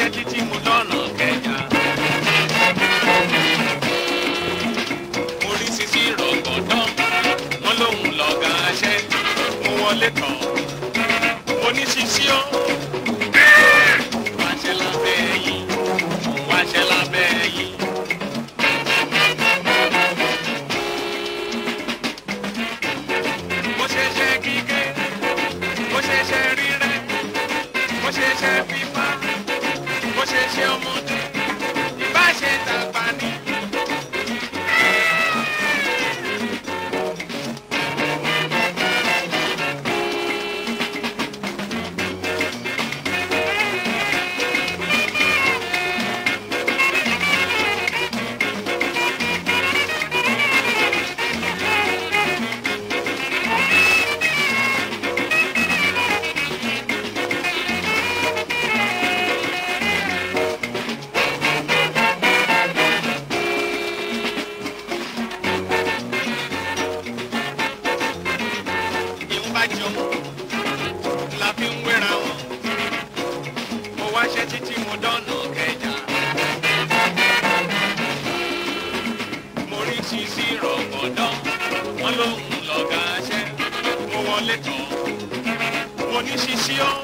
it. sí sí rọ̀gọ̀dán wọ́n ló ń lọ́gàá ṣẹ́ ó wọlé oníṣíṣí ọ́.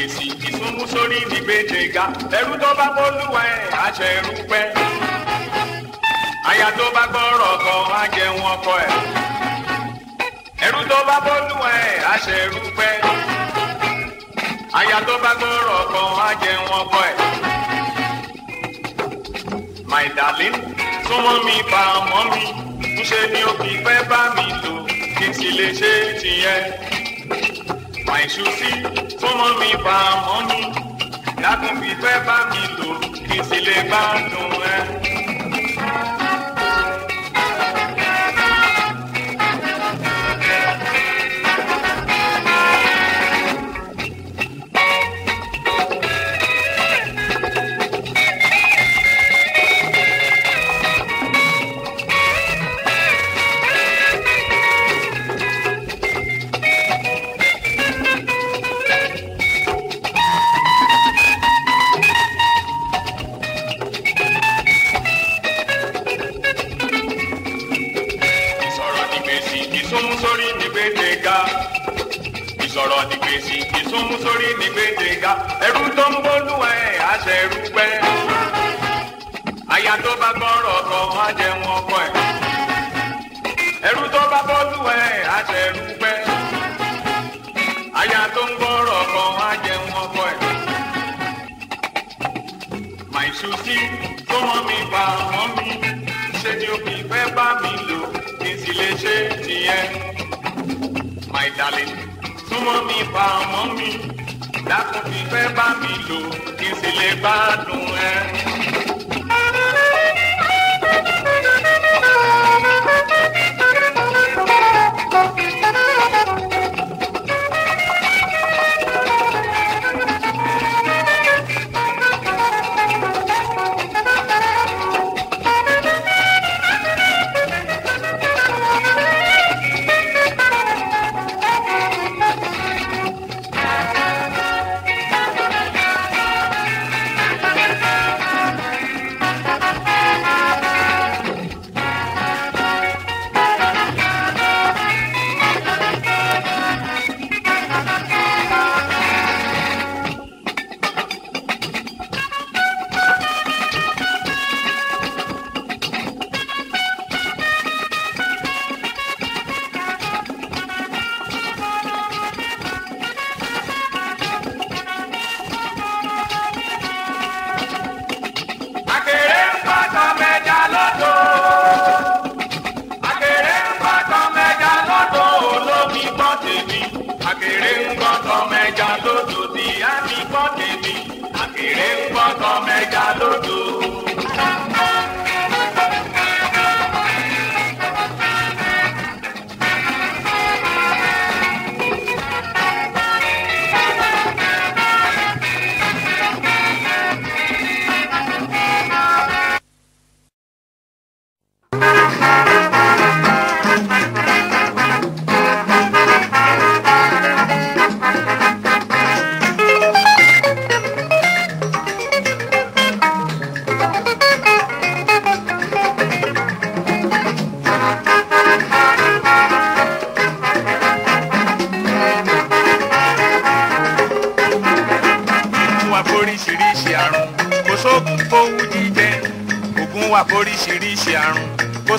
gbèsì ìsúnkú sórí ìdígbèjèga ẹrú tó bá bọ́lúwa ẹ̀ àṣẹ ẹrú pẹ́ aya tó bá gbọ́rọ̀ ọkọ á jẹun ọkọ ẹ̀ ẹrú tó bá bọ́lúwa ẹ̀ àṣẹ ẹrú pẹ́ aya tó bá gbọ́rọ̀ ọkọ á jẹun ọkọ ẹ̀ my darling súnmọ́ mi pa mọ́ mi ńṣe ni ó kì fẹ́ bá mi lò kí n sì lè ṣe tìyẹn my susie súnmọ́ mi bá a mọ́ ní lágùn fífẹ́ bá mi lò kí n sì lè gbádùn. ìsúnmú sórí ní gbèdéga ìsọ̀rọ̀ ní gbèsè ìsúnmú sórí ní gbèdéga ẹrú tó ń bólúwa ẹ̀ àṣẹ ẹrú pẹ́. aya tó bá gbọ́rọ̀ ọkọ má jẹ́ wọn ọkọ ẹ̀ ẹrú tó bá bólúwa ẹ̀ àṣẹ ẹrú tó ń gbọ́rọ̀ ọkọ má jẹ́ wọn ọkọ ẹ̀. màìsùsí tó mọ́ mi bá mọ́ mi ṣé ni òbí fẹ́ bá mi lò kí n sì lè ṣe é my darling súnmọ́ mi pa ọmọ mi dákun fi fẹ́ bá mi lò kí n sì lè gbádùn ẹ.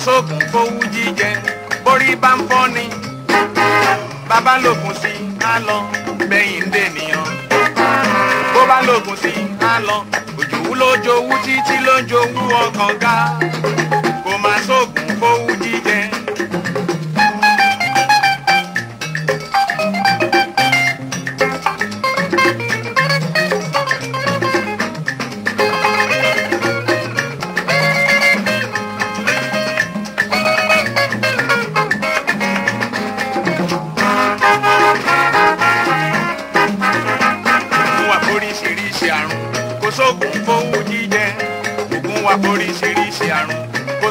sókun fowú jíjẹ borí bá ń fọ́ ni bàbá lògùn sí á lọ bẹ́yìn dènìyàn bó bá lògùn sí á lọ òjòwú ló jowú títí ló ń jowú ọkàn ga kò má sókun fowú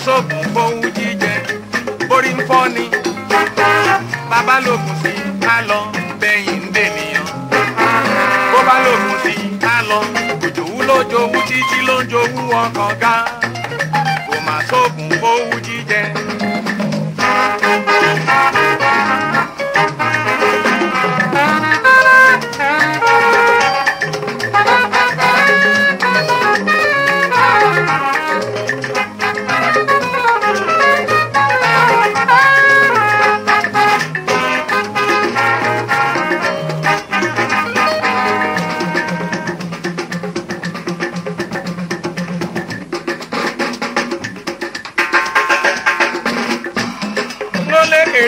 ṣoògùn fóun jíjẹ borí ń fọ́ ni bàbá lògùn sí ká lọ bẹ́yìn ń dènìyàn bó bá lògùn sí ká lọ òjòwú ló títí ló ń ga kò má ṣoògùn fóun.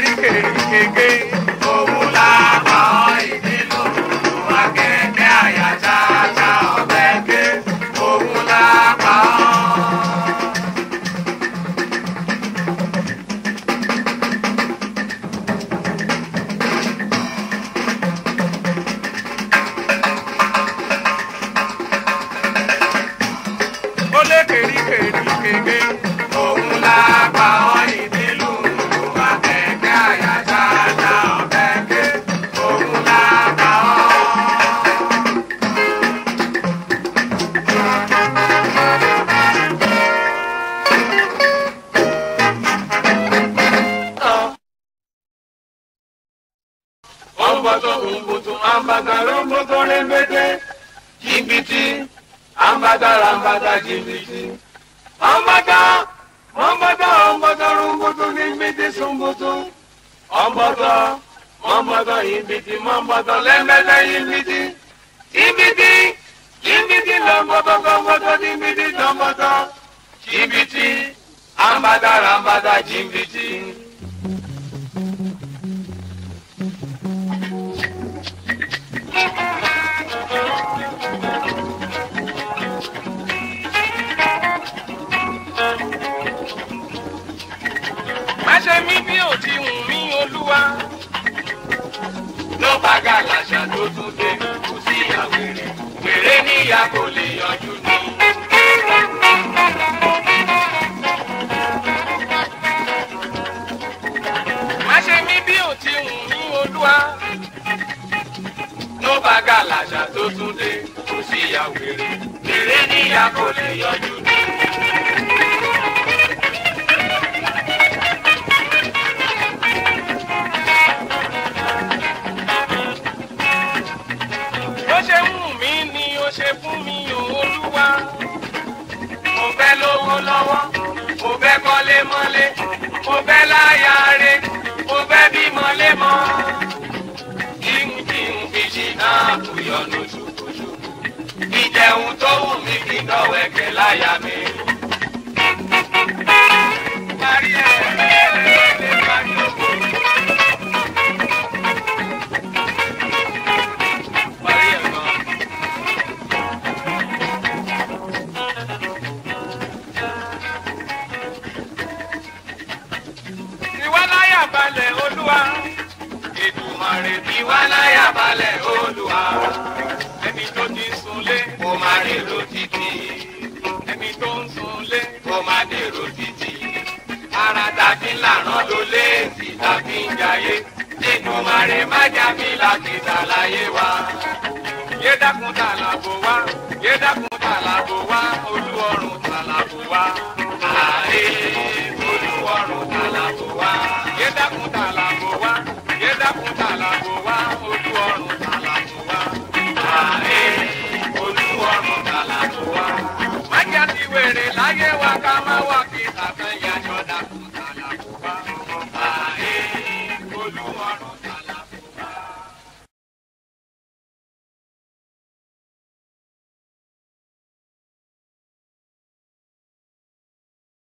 kékeré. òun la pa ọ́ ìdí lòlù akẹ́kẹ́ àyà ṣáṣá ọ̀bẹ gbé òun la ọmọgbàdá ràǹgbàdá jìbìtì ọmọgbà mọ̀mọ́dá ọmọdá rúmbùtù ní gbìtì sùnbùtù ọmọdá mọ̀mọ́dá ìbìtì mọ̀mọ́dá lẹ́mẹ́lẹ́ ìbìtì ìbìtì ìbìtì lọ́mọdá lọ́mọdá ìbìtì lọ́mọdá jìbìtì àǹgbàdá ràǹgbàdá jìbìtì. ló tún dé kò sí ìyá wèrè wèrè níyà kò lè yọjú. bó ṣe wù mí ni ó ṣe fún mi olúwa mo fẹ́ lówó lọ́wọ́ mo fẹ́ kọ́lé mọ́lé mo fẹ́ láyà re mo fẹ́ bímọ lé ìyọnu ṣùkúṣùkú. ìjẹun tó wù mí kí n dọ̀wẹ́kẹ̀ láyà mi. kíákí láti tàlàyé wa yé dákun tàlàbò.